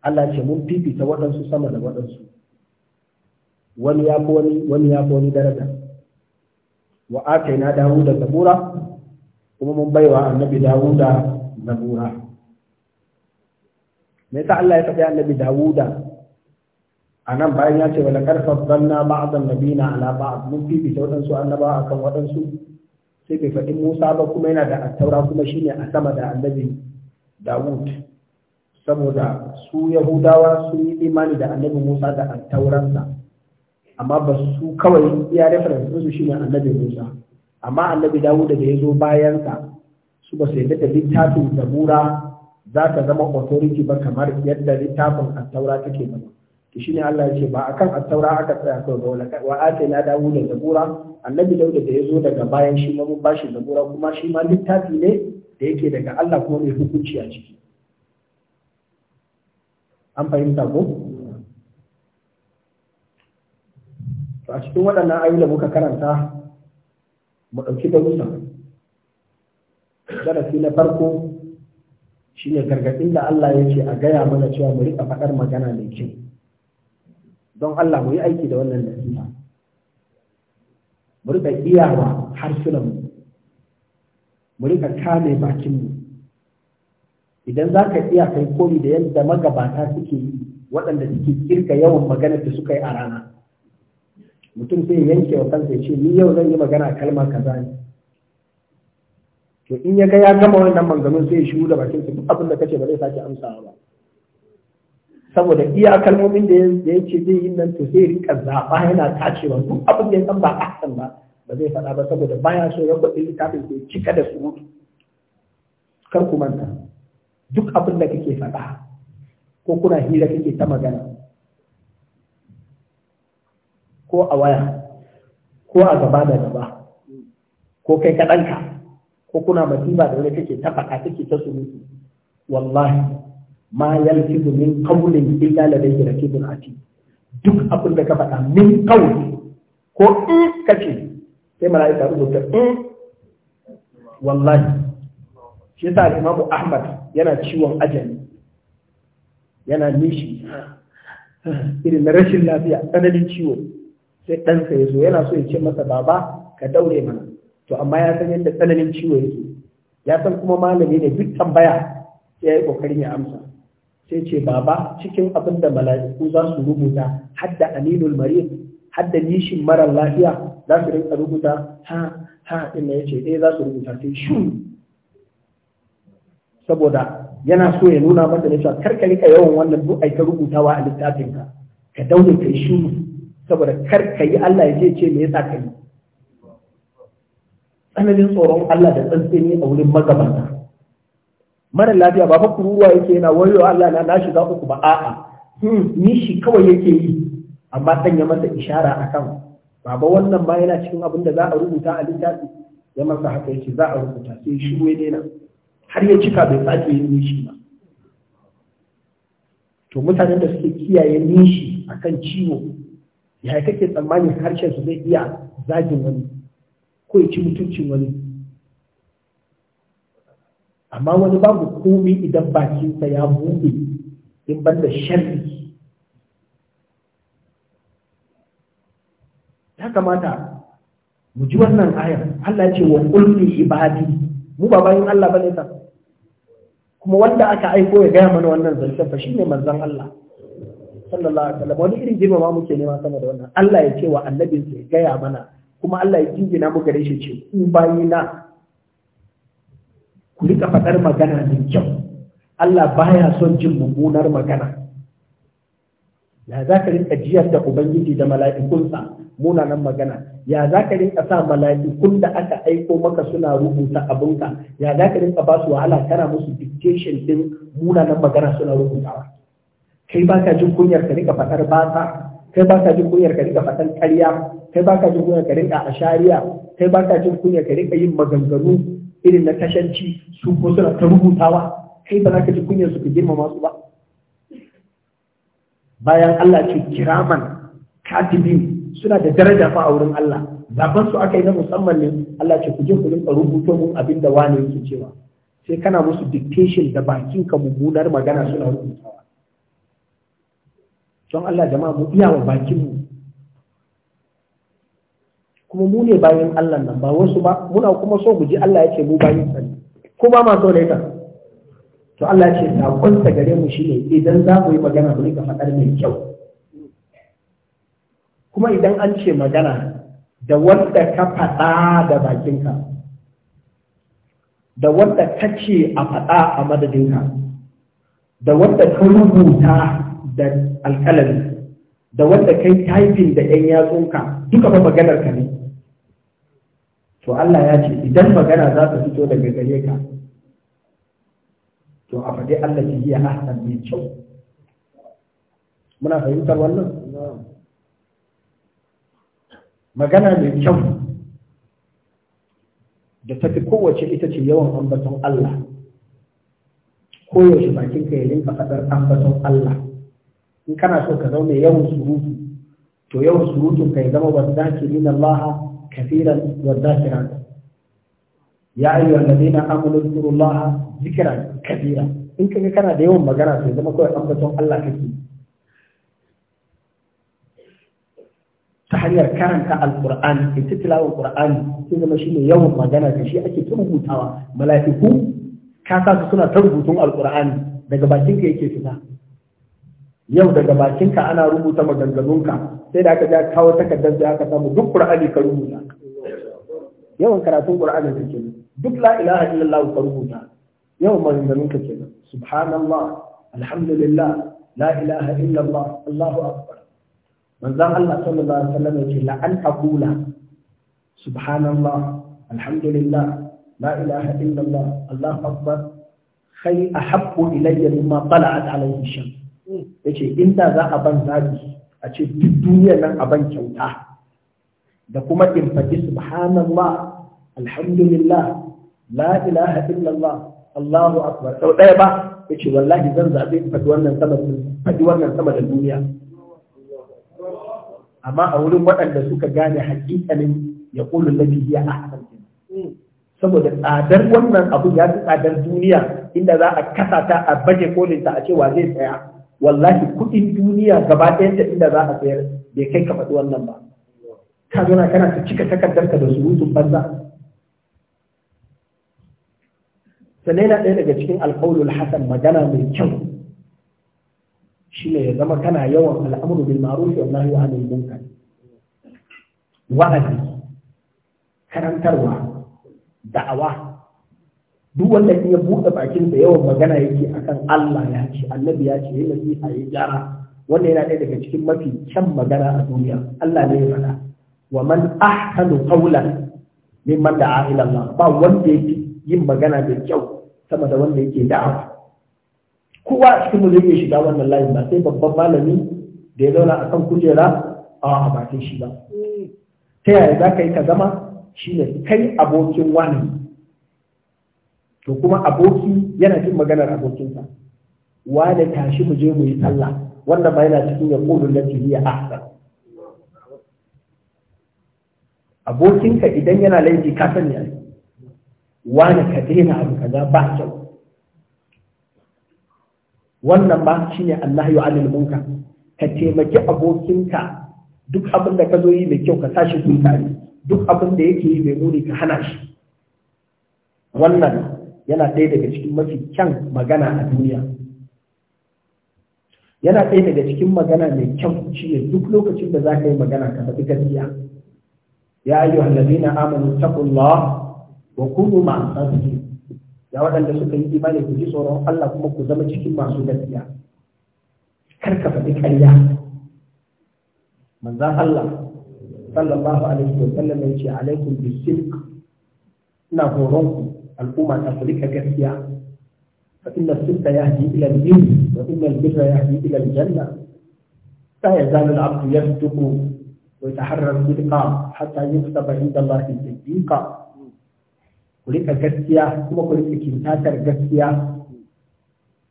Allah ya ce mun fifita waɗansu sama da waɗansu wani ya wani daraja dawuda kuma mun baiwa annabi dawuda zabura me yasa Allah ya faɗi annabi dawuda a nan bayan ya ce wala karfa zanna ba'dan nabina ala ba'd mun fifita waɗansu annabawa akan waɗansu sai bai faɗi Musa ba kuma yana da attaura kuma shine a sama da annabi Dawud saboda su Yahudawa sun yi imani da annabi Musa da attauransa amma ba su kawai iya reference su shine annabi Musa amma annabi Dawud da ya zo bayansa su ba su yadda da littafin Zabura za ta zama authority ba kamar yadda littafin attaura take zama to shine Allah ya ce ba akan kan attaura aka tsaya kai ba wa na dawo da zabura annabi dauda da yazo daga bayan shi ma mun bashi zabura kuma shi ma littafi ne da yake daga Allah kuma mai hukunci a ciki an fahimta ko to a cikin waɗannan ayi da muka karanta mu ɗauki darussa darasi na farko shine gargaɗin da Allah ya ce a gaya mana cewa mu rika faɗar magana mai kyau don Allah mu yi aiki da wannan nasiha mu rika iyawa harsunan mu rika kame bakin mu, idan za ka iya kai komi da yadda magabata suke yi waɗanda suke kirka yawan magana da suka yi a rana mutum sai yanke wa kansa ya ce ni yau zan yi magana kalma kaza ne to in ya ga ya gama wannan manganun sai ya shiru da bakin su duk abin da kace ba zai sake amsawa ba saboda iya kalmomin da ya ce zai yi nan to sai rika zaɓa yana tacewa duk abin da ya san ba ahsan ba ba zai faɗa ba saboda baya so ya kwaɗin littafin da cika da surutu kar ku manta duk abin da kake faɗa ko kuna hira kake ta magana ko a waya ko a gaba da gaba ko kai kaɗanka ko kuna masifa da wani kake ta faɗa kake ta surutu wallahi ma yalfizu min qawlin illa ladayhi raqibun atid duk abin da ka faɗa min qawli ko in kace sai malaika ta in wallahi shi yasa imamu Ahmad yana ciwon ajali yana nishi irin na rashin lafiya tsananin ciwo sai ɗansa ya zo yana so ya ce masa baba ka daure mana to amma ya san yadda tsananin ciwo yake ya san kuma malami ne duk tambaya sai ya yi ƙoƙarin ya amsa sai ce baba cikin abin da mala'iku za su rubuta hadda aminul marid hadda nishin mara lafiya za su rinka rubuta ha ha inda ya ce ɗaya eh, za su rubuta sai shu saboda yana so ya nuna masa ne cewa karka rika yawan wannan duk aika rubutawa a littafinka ka daure kai shu saboda karka yi Allah ya je ce me yasa ka yi tsananin tsoron Allah da tsantsini a wurin magabata mara lafiya ba fa kururuwa yake yana wayo Allah na na shiga uku ba a'a hmm, ni shi kawai yake yi amma dan ya masa ishara akan baba wannan ba yana cikin abin da za a rubuta a littafi ya masa haka yake za a rubuta sai shi ya daina har ya cika bai sake yin nishi ba to mutanen da suke kiyaye nishi akan ciwo ya kake tsammanin harshen su zai iya zagin wani ko ya ci mutuncin wani amma wani babu komi idan bakinsa ya buɗe in ban da sharri ya kamata mu ji wannan ayar Allah ce wa kulli ibadi mu ba bayan Allah bane ta kuma wanda aka aiko ya gaya mana wannan zancen fa shine manzan Allah sallallahu alaihi wasallam wani irin girmama muke nema sama da wannan Allah ya ce wa annabinsa ya gaya mana kuma Allah ya na mu gare shi ce ku bayina ku rika faɗar magana da kyau Allah baya son jin mummunar magana ya za ka rinka jiyar da ubangiji da mala'ikunsa munanan magana ya za ka rinka sa mala'ikun da aka aiko maka suna rubuta abinka ya za ka rinka ba su wahala kana musu dictation din munanan magana suna rubutawa kai ba jin kunyar ka rika faɗar ba kai ba ka jin kunyar ka rinka fatan ƙarya kai ba ka jin kunyar ka rika ashariya kai ba ka jin kunyar ka rinka yin maganganu irin na tashanci su ko suna ta rubutawa kai ba za ka ji kunyar su ka girmama su ba bayan Allah ce kiraman katibin suna da daraja fa a wurin Allah zaban su aka yi na musamman ne Allah ce ku je ku rinka rubuto mun abin da wani yake cewa sai kana musu dictation da bakin ka mummunar magana suna rubutawa don Allah jama'a mu iya wa bakinmu kuma mu ne bayan Allah nan ba wasu ba muna kuma so mu ji Allah ya mu bayan sa ko ba ma so ne to Allah ya ce sakon sa gare mu shine idan za mu yi magana mu rika faɗar mai kyau kuma idan an ce magana da wanda ka faɗa da bakinka da wanda ka ce a faɗa a madadinka da wanda ka rubuta da alƙalami da wanda kai taifin da 'yan yatsunka duka ba maganar ka ne to Allah ya ce idan magana za ta fito daga gare ka to a faɗi Allah ke yi ahsan mai kyau muna fahimtar wannan magana mai kyau da ta fi kowace ita ce yawan ambaton Allah koyaushe bakinka ya rinka faɗar ambaton Allah in kana so ka zaune yawan surutu to yawan surutun ka ya zama wazakirin Allah kafiran wazakiran ya ayyu alladhina amanu zkurullaha zikran kabira in kaga kana da yawan magana to zama kawai ambaton Allah kake ta hanyar karanta alqur'ani ita tilawar qur'ani sai zama shine yawan magana da shi ake ta rubutawa mala'iku ka sa suna ta rubutun alqur'ani daga bakin ka yake fita yau daga bakinka ana rubuta maganganunka sai da aka ja kawo takardar da aka samu duk qur'ani ka rubuta yawan karatun qur'ani kenan, duk la ilaha illallah ka rubuta yawan maganganunka kenan subhanallah alhamdulillah la ilaha illallah allahu akbar manzon Allah sallallahu alaihi wasallam yace la an aqula subhanallah alhamdulillah la ilaha illallah allahu akbar khay ahabbu ilayya mimma tala'at alayhi shams ya ce inda za a ban zaɓi a ce duk duniyar nan a ban kyauta da kuma in faɗi subhanallah alhamdulillah la ilaha illallah Allahu akbar sau ɗaya ba ya ce wallahi zan zaɓi faɗi wannan sama faɗi wannan sama da duniya amma a wurin waɗanda suka gane haƙiƙanin ya ƙulun lafi ya ahsan saboda tsadar wannan abu ya fi tsadar duniya inda za a kasa ta a baje kolinta a cewa zai tsaya wallahi kuɗin duniya gaba ɗaya da inda za a sayar bai kai ka faɗi wannan ba ka zo na kana ta cika takardarka da surutun banza sannan yana ɗaya daga cikin alƙawlul hasan magana mai kyau shine ya zama kana yawan al'amuru bil ma'ruf wa nahyi anil munkar wa'azi karantarwa da'awa duk wanda in ya buɗe bakin da yawan magana yake akan Allah ya ce annabi ya ce yana yi ya gyara wanda yana ɗaya daga cikin mafi kyan magana a duniya Allah ne ya faɗa wa man ahkamu qawlan mimman da'a ila Allah ba wanda yake yin magana da kyau sama da wanda yake da'a kowa cikin mu zai shiga wannan layin ba sai babban malami da ya zauna akan kujera a bakin shi ba ta yaya za ka yi ka zama shine kai abokin wani to kuma aboki yana jin maganar abokinsa da tashi mu je mu yi sallah wanda ba yana cikin ya qulu lati ya ahsan abokinka idan yana laifi ka sani ai da ka daina abu kaza ba kyau wannan ba shine Allah ya alil munka ka taimaki abokinka duk abin da ka zo yi mai kyau ka tashi ku tare duk abin da yake yi mai muni ka hana shi wannan yana ɗaya daga cikin mafi kyan magana a duniya yana ɗaya daga cikin magana mai kyan shi ne duk lokacin da za ka yi magana ka faɗi gaskiya ya ayyu allazina amanu taqullah wa kunu ma'as sadiqin ya waɗanda suka yi imani ku ji tsoron Allah kuma ku zama cikin masu gaskiya kar ka faɗi ƙarya manzan Allah sallallahu alaihi wa sallam ya ce alaikum bisilk ina horon ku الأمة ta kuli فإن gaskiya يهدي إلى sunna وإن ila يهدي إلى الجنة inna al-birra yahdi ila al-janna fa yazalu al-'abdu yasduqu wa yataharra al-sidqa hatta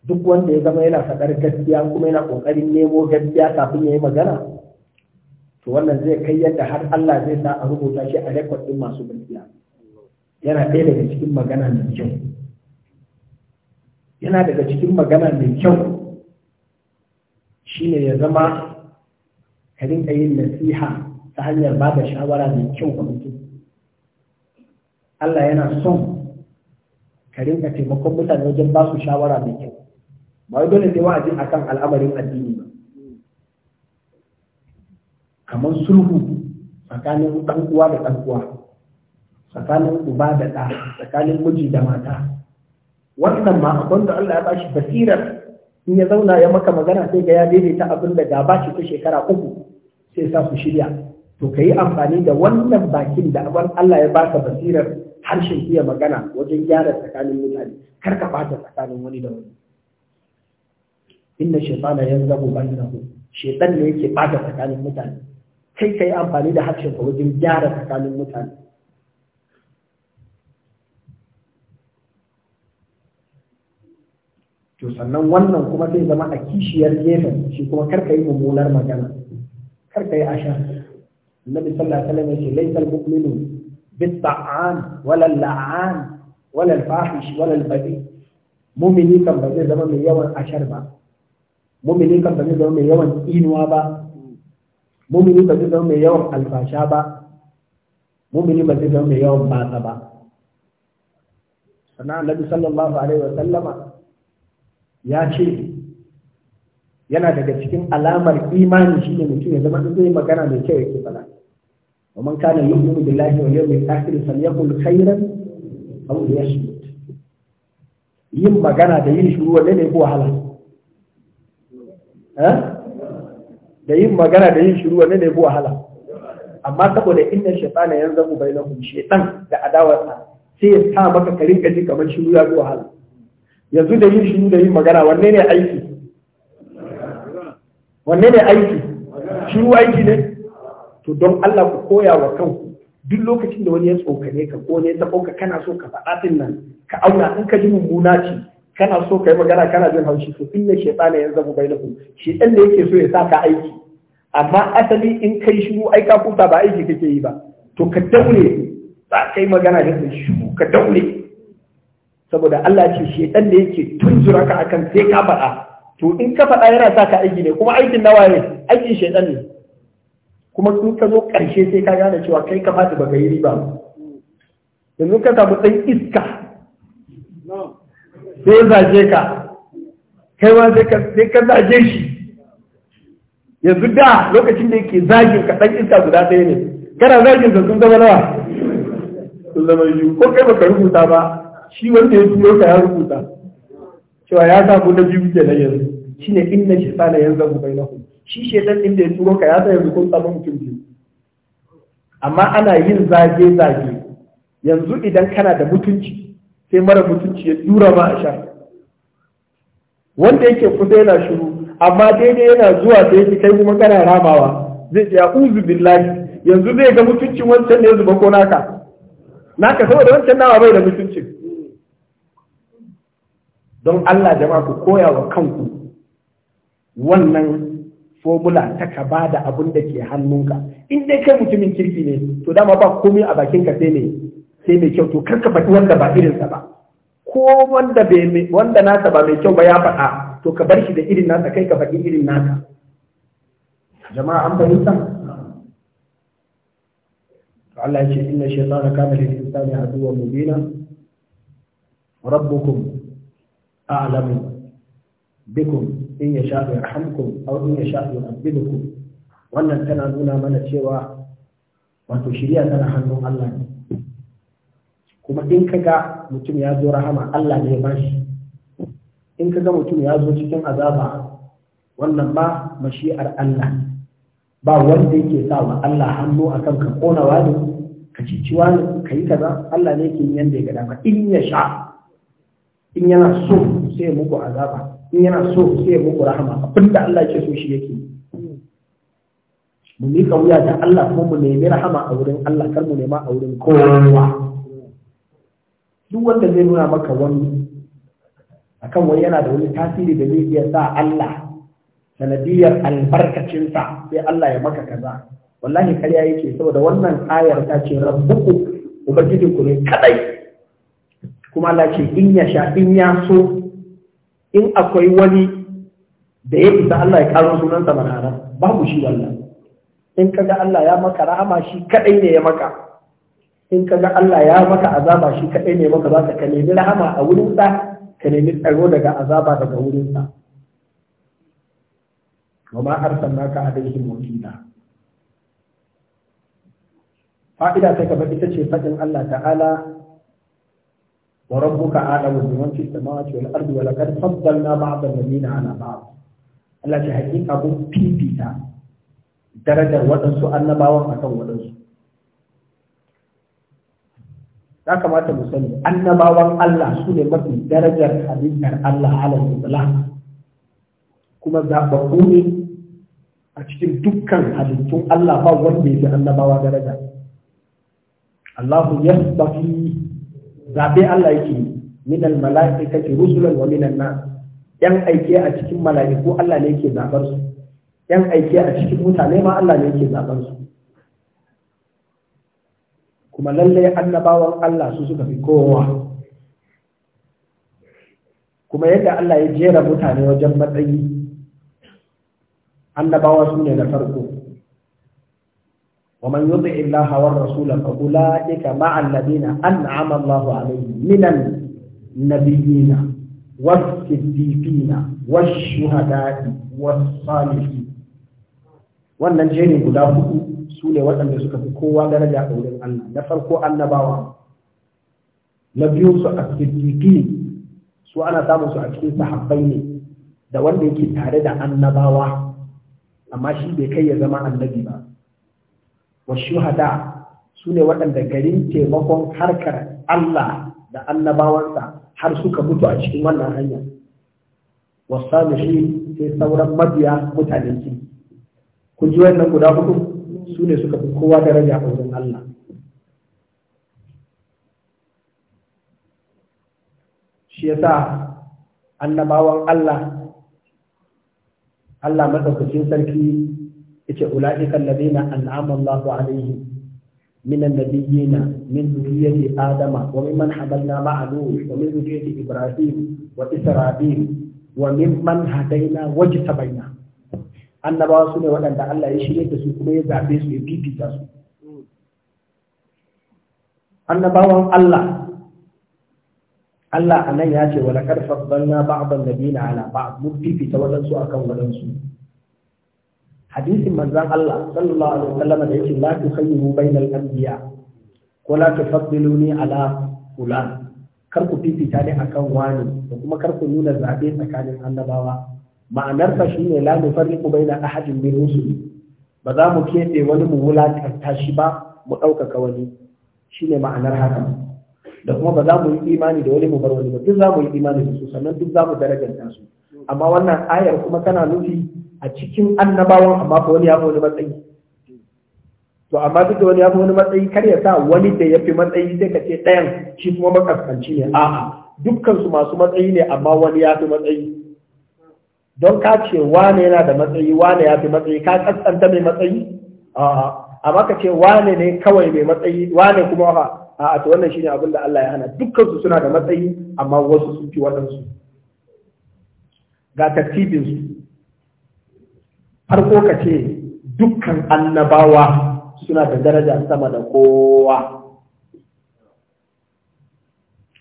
duk wanda ya zama yana faɗar gaskiya kuma yana ƙoƙarin nemo gaskiya kafin ya yi magana to wannan zai kai yadda har Allah zai sa a rubuta shi a rekod ɗin masu gaskiya yana ɗaya daga cikin magana mai kyau yana daga cikin magana mai kyau shine ya zama ka ɗayin nasiha ta hanyar ba da shawara mai kyau ga mutum Allah yana son ka taimakon mutane wajen ba su shawara mai kyau ba wai dole wa wa'azi akan al'amarin addini ba kamar sulhu tsakanin ɗan da ɗan tsakanin uba da ɗa tsakanin miji da mata wannan ma abin da Allah ya bashi basirar in ya zauna ya maka magana sai ga ya daidaita abin da gaba ce ta shekara uku sai sa su shirya to ka yi amfani da wannan bakin da abin Allah ya baka basirar harshen iya magana wajen gyara tsakanin mutane kar ka fata tsakanin wani da wani inna shaytana yanzabu bainahu shaytan ne yake ɓata tsakanin mutane kai kai amfani da harshen ka wajen gyara tsakanin mutane to sannan wannan kuma zai zama a kishiyar gefen shi kuma karka yi mummunar magana karka yi asha annabi sallallahu alaihi wasallam yace laysal mu'minu bit-ta'an wala al-la'an wala al-fahish wala al-badi mu'mini kan ba zai zama mai yawan ashar ba mu'mini kan ba zai zama mai yawan inuwa ba mu'mini ba zai zama mai yawan alfasha ba mu'mini ba zai zama mai yawan batsa ba sannan annabi sallallahu alaihi wasallama ya ce yana daga cikin alamar imani shi ne mutum ya zama zai magana mai kyau ya ke fada wa man kana yu'minu billahi wal yawmil akhir falyaqul khairan aw liyashmut yin magana da yin shiru wanne ne ko wahala eh? da yin magana da yin shiru wanne ne ko wahala amma saboda inna shaytana yanzabu bainahum shaytan da adawarsa sai ya sa maka karin rinka kamar shiru ya ko wahala yanzu da yin shiru da yin magana wanne ne aiki wanne ne aiki shiru aiki ne to don Allah ku koya wa kanku duk lokacin da wani ya tsokane ka ko ne ta ka kana so ka faɗa din nan ka auna in ka ji mummuna ce kana so ka yi magana kana jin haushi to inna shaytana yanzu ku bainakum shi dan da yake so ya sa ka aiki amma asali in kai shiru ai ka futa ba aiki kake yi ba to ka daure za kai magana da shi ka daure saboda Allah ce shedan da yake tunzura ka akan sai ka faɗa to in ka faɗa yana sa ka aiki ne kuma aikin nawa ne aikin shaidan ne kuma in ka zo ƙarshe sai ka gane cewa kai ka ba baka yi riba yanzu ka samu ɗan iska sai zaje ka kai ma sai ka zaje shi yanzu da lokacin da yake zagin ka ɗan iska guda ɗaya ne kana zagin sa sun zama nawa sun zama biyu ko kai baka rubuta ba shi wanda ya turo ka ya rubuta cewa ya samu na biyu nan yanzu shi ne inna bai na bainahum shi shi dan inda ya turo ka ya sa yanzu kun samu mutum biyu amma ana yin zage zage yanzu idan kana da mutunci sai mara mutunci ya dura ma a sha wanda yake kusa yana shiru amma daidai yana zuwa da yake kai kuma kana ramawa zai ce a'udhu billahi yanzu zai ga mutuncin wancan ne zuba ko naka naka saboda wancan nawa bai da mutuncin don Allah jama'a ku koya wa kanku wannan formula ta ka ba da abin da ke hannunka in dai kai mutumin kirki ne to dama ba komai a bakin ka sai ne sai mai kyau to kar ka faɗi wanda ba irinsa ba ko wanda bai wanda nasa ba mai kyau ba ya faɗa to ka bar shi da irin nasa kai ka faɗi irin nasa jama'a an To Allah ya ce inna shaytana kana lil insani aduwwan mubina rabbukum a'lamu bikum in ya sha yarhamkum aw in ya sha yu'adhibukum wannan tana nuna mana cewa wato shiriya tana hannun Allah ne kuma in ka ga mutum ya zo rahama Allah ne ba shi in ka ga mutum ya zo cikin azaba wannan ba mashi'ar Allah ba wanda yake sa wa Allah hannu akan ka kona wani ka cici ne? ka yi kaza Allah ne yake yin yanda ya ga dama in ya sha in yana so sai ya muku azaba in yana so sai ya muku rahama abinda Allah ke so shi yake mu mika wuya ta Allah ko mu nemi rahama a wurin Allah kar mu nema a wurin kowa duk wanda zai nuna maka wani akan wani yana da wani tasiri da zai iya sa Allah sanadiyar albarkacinsa sai Allah ya maka kaza wallahi karya yake saboda wannan ayar ta ce rabbuku ubangijinku ne kadai kuma Allah ce in ya sha in ya so in akwai wani da ya isa Allah ya karo sunansa manara babu shi wannan in kaga Allah ya maka rahama shi kadai ne ya maka in kaga Allah ya maka azaba shi kadai ne maka za ka nemi rahama a wurinsa ka nemi tsaro daga azaba daga wurinsa wa ma arsalnaka alaihim wakila fa'ida ta gaba ita ce fadin Allah ta'ala وربك أعلم بمن في السماوات والأرض ولقد فضلنا بعض الذين على بعض Allah ce hakika mun fifita darajar waɗansu annabawan waɗansu ya kamata mu sani annabawan Allah su ne mafi darajar halittar Allah ala kuma zaɓaɓɓu ne a cikin dukkan halittun Allah ba wanda ya fi annabawa daraja Allahu yasbafi zabe Allah yake min al mala'ikati rusulan wa min nas yan aike a cikin mala'iku Allah ne yake zabar su yan aike a cikin mutane ma Allah ne yake zabar su kuma lalle annabawan Allah su suka fi kowa kuma yadda Allah ya jera mutane wajen matsayi annabawa su ne na farko ومن يطع الله والرسول فأولئك مع الذين أنعم الله عليهم من النبيين والصديقين والشهداء والصالحين wannan jeni guda huɗu su ne waɗanda suka fi kowa daraja a wurin Allah na farko annabawa na biyu su a siddiqi su ana samun su a cikin sahabbai ne da wanda yake tare da annabawa amma shi bai kai ya zama annabi ba wa shuhada su waɗanda garin taimakon harkar Allah da annabawansa har suka mutu a cikin wannan hanya shi sai sauran mabiya mutane ki kun ji wannan guda hudu su ne suka fi kowa daraja a wurin Allah shi ya sa annabawan Allah Allah madaukakin sarki yace ulaika alladhina an'ama Allahu alaihim من النبيين من ذرية آدم وممن حملنا مع نوح ومن ذرية إبراهيم وإسرائيل وممن هدينا واجتبينا annabawa su ne waɗanda Allah ya shirya da su kuma ya zaɓe su ya fifita su annabawan Allah Allah a nan ya ce wani ƙarfafan na ba'aban da bina ala mun fifita waɗansu akan waɗansu hadisin manzon Allah sallallahu alaihi wasallam da yake la tukhayyiru bainal anbiya ko la tufaddiluni ala fulan kar ku fifita ne akan wani da kuma kar ku nuna zabe tsakanin annabawa ma'anar fa shine la nufarriqu baina ahadin min rusuli ba za mu keɓe wani mu wulakanta shi ba mu ɗaukaka wani shine ma'anar haka da kuma ba za mu yi imani da wani mu bar wani ba duk za mu yi imani da su sannan duk za mu darajanta su amma wannan ayar kuma tana nufi a cikin annabawan amma ko wani ya fi wani matsayi to amma duk da wani ya fi wani matsayi kar ya sa wani da ya fi matsayi sai ka ce ɗayan shi kuma makaskanci ne a'a dukkansu masu matsayi ne amma wani ya fi matsayi don ka ce wane yana da matsayi wane ya fi matsayi ka kaskanta mai matsayi amma ka ce wane ne kawai mai matsayi wane kuma A'a to wannan shine abin da Allah ya hana dukkansu suna da matsayi amma wasu sun fi waɗansu ga tartibinsu farko ka ce dukkan annabawa suna da daraja sama da kowa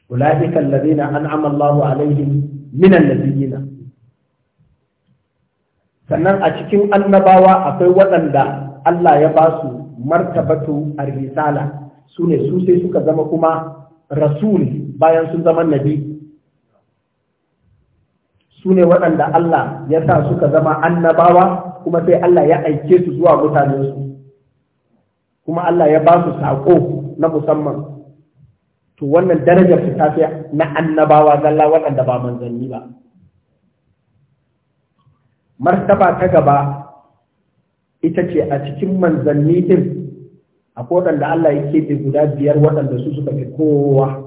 أولئك الذين an'ama Allahu alaihim min النبيين sannan a cikin annabawa akwai waɗanda Allah ya ba su martabatu a risala su ne su sai suka zama kuma rasuli bayan sun zama nabi su ne waɗanda Allah ya sa suka zama annabawa kuma sai Allah ya aike su zuwa su. kuma Allah ya ba su saƙo na musamman to wannan darajar su tafi na annabawa zalla waɗanda ba manzanni ba martaba ta gaba ita ce a cikin manzanni din akwai waɗanda Allah ya keɓe guda biyar waɗanda su suka fi kowa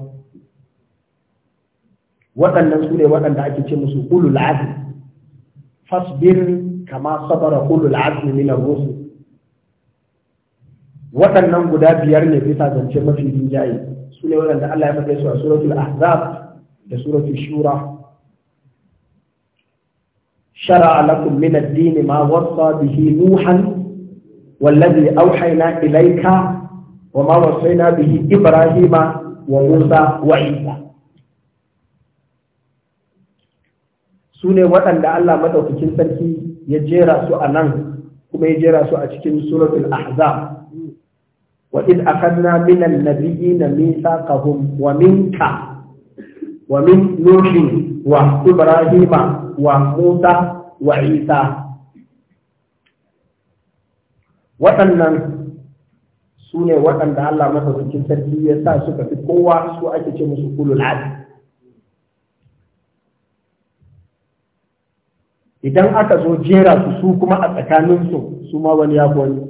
waɗannan su ne waɗanda ake ce musu ulul azmi fasbir kama sabara ulul azmi min ar-rusul waɗannan guda biyar ne bisa zance mafi rinjaye su ne waɗanda Allah ya faɗe su a suratul ahzab da suratul shura شرع لكم من الدين ما وصى به نوحا والذي أوحينا إليك وما وصينا به إبراهيم وموسى وعيسى su ne waɗanda Allah maɗaukakin sarki ya jera su a nan kuma ya jera su a cikin suratul ahzab wa id akhadna min an-nabiyina mithaqahum wa minka wa min nuhin wa ibrahima wa musa wa isa waɗannan su ne waɗanda Allah maɗaukakin sarki ya sa suka fi kowa su ake ce musu ulul azmi idan aka zo jera su su kuma a tsakaninsu su ma wani ya wani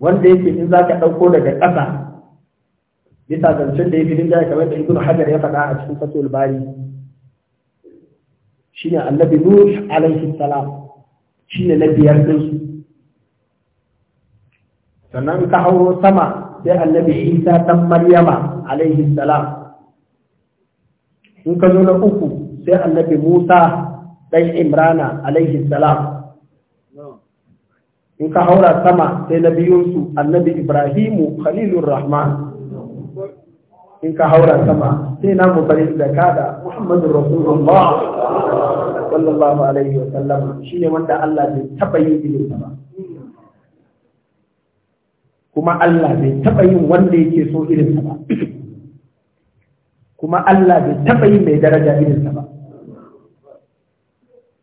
wanda yake in za ka ɗauko daga ƙasa bisa zancen da ya fi dinga kamar da ibn hajar ya faɗa a cikin fatul bari shine annabi nuh alaihi salam shine na biyar din su sannan ka hauro sama sai annabi isa dan maryama alaihi salam in ka zo na uku sai annabi Musa dan Imrana alaihi salam in ka haura sama sai na biyunsu annabi Ibrahimu Khalilur Rahman in ka haura sama sai na mu bari da kada Muhammadu Rasulullah sallallahu alaihi wa sallam shine wanda Allah bai taba yin irin ba kuma Allah bai taba yin wanda yake so irin ba kuma Allah bai taɓa yi mai daraja irinsa ba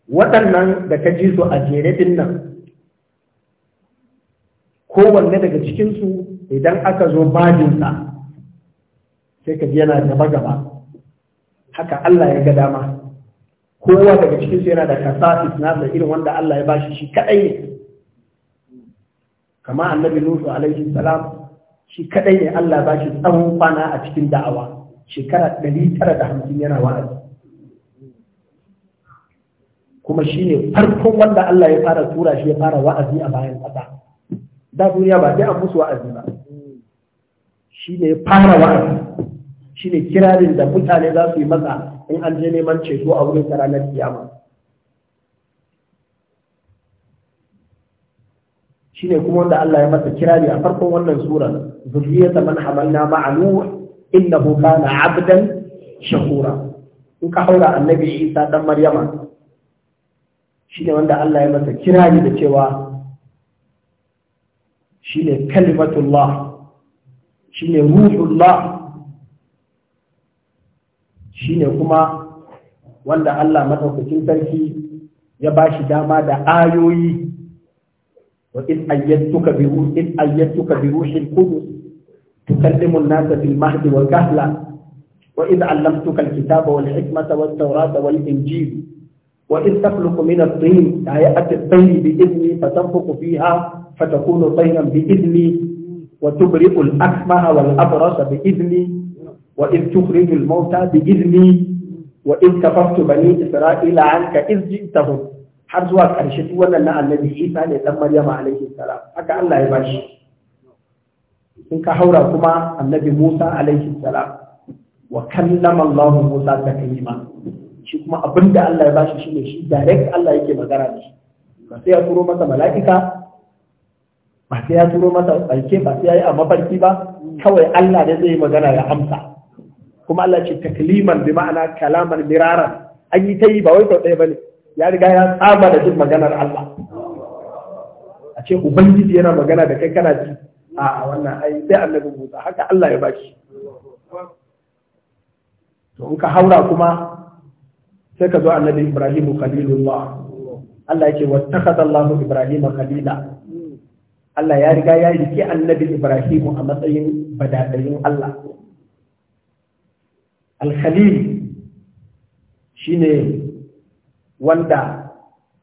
waɗannan da ka ji su a jere nan kowanne daga cikinsu idan aka zo bajinsa sai ka ji yana gaba-gaba haka Allah ya ga dama kowa daga cikinsu yana da kasa nasa irin wanda Allah ya bashi shi kaɗai ne kama annabi Nuhu alaihi salam shi kaɗai ne Allah ba shi tsawon kwana a cikin da'awa shekara ɗari tara da hamsin yana wa'azi kuma shi ne farkon wanda Allah ya fara tura shi ya fara wa'azi a bayan ƙasa da duniya ba sai an musu wa'azi ba shi ne fara wa'azi shi ne kirarin da mutane za su yi masa in an je neman ceto a wurin ranar kiyama shi ne kuma wanda Allah ya masa kirari a farkon wannan sura zuriyata man hamalna ma'a Inna innahu kana abdan shakura in ka haura annabi isa dan maryama ne wanda Allah ya masa kirari da cewa shine kalimatullah shine ruhullah ne kuma wanda Allah madaukakin sarki ya bashi dama da ayoyi wa in ayyatuka bi ruhin ayyatuka bi qudus تكلم الناس في المهد والكهلا وإذ علمتك الكتاب والحكمة والتوراة والإنجيل وإذ تخلق من الطين هيئة الطين بإذني فتنفق فيها فتكون طينا بإذني وتبرئ الأكمه والأبرص بإذني وإذ تخرج الموتى بإذني وإذ كففت بني إسرائيل عنك إذ جئتهم har zuwa ƙarshe duk wannan na annabi Isa ne dan Maryama alaihi salam haka Allah ya bashi in ka haura kuma annabi Musa alaihi salam wa kallama Allah Musa kalima shi kuma abinda Allah ya bashi shine shi direct Allah yake magana da shi ba sai ya turo masa mala'ika ba sai ya turo masa alke ba sai ya yi a mafarki ba kawai Allah ne zai yi magana da amsa kuma Allah ce takliman bi ma'ana kalaman mirara an yi ta yi ba wai sau ɗaya bane ya riga ya tsama da jin maganar Allah a ce ubangiji yana magana da kai kana ji a wannan ai sai annabin Musa haka Allah ya bashi to in ka haura kuma sai ka zo annabi Ibrahim khalilullah Allah yake wattakhadha Allahu Ibrahim khalila Allah ya riga ya rike annabi Ibrahim a matsayin badadayin Allah al-khalil shine wanda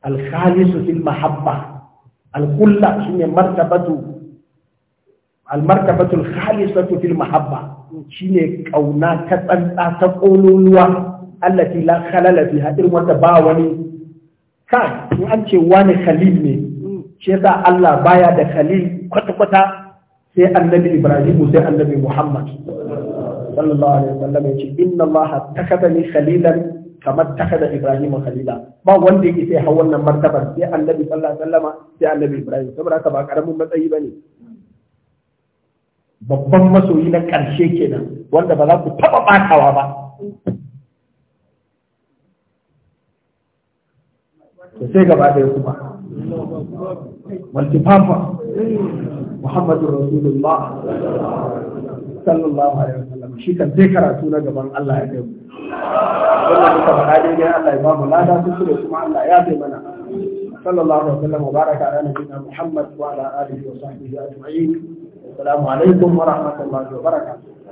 al-khalisu fil mahabba al-kulla shine martabatu almartabatul khalisatu fil mahabba shine kauna ta tsantsa ta kololuwa allati la khalala fiha irin wanda ba wani ka in an ce wani khalil ne shi yasa Allah baya da khalil kwata kwata sai annabi Ibrahim sai annabi Muhammad sallallahu alaihi wasallam yace inna Allah takadani khalilan kamar takada Ibrahim khalila ba wanda yake sai hawan wannan martabar sai annabi sallallahu alaihi wasallama sai annabi Ibrahim saboda haka ba karamin matsayi bane babban masoyi na ƙarshe kenan wanda ba za ku taɓa ɓatawa ba da sai gaba ɗaya kuma multifafa muhammadu rasulullah sallallahu alaihi wasallam shi kan sai karatu na gaban Allah ya kai wannan muka faɗa daidai Allah ya ba mu lada su da kuma Allah ya bai mana sallallahu alaihi wasallam baraka ala nabiyina muhammad wa ala alihi wa sahbihi ajma'in Assalamu alaikum wa rahmatullahi wa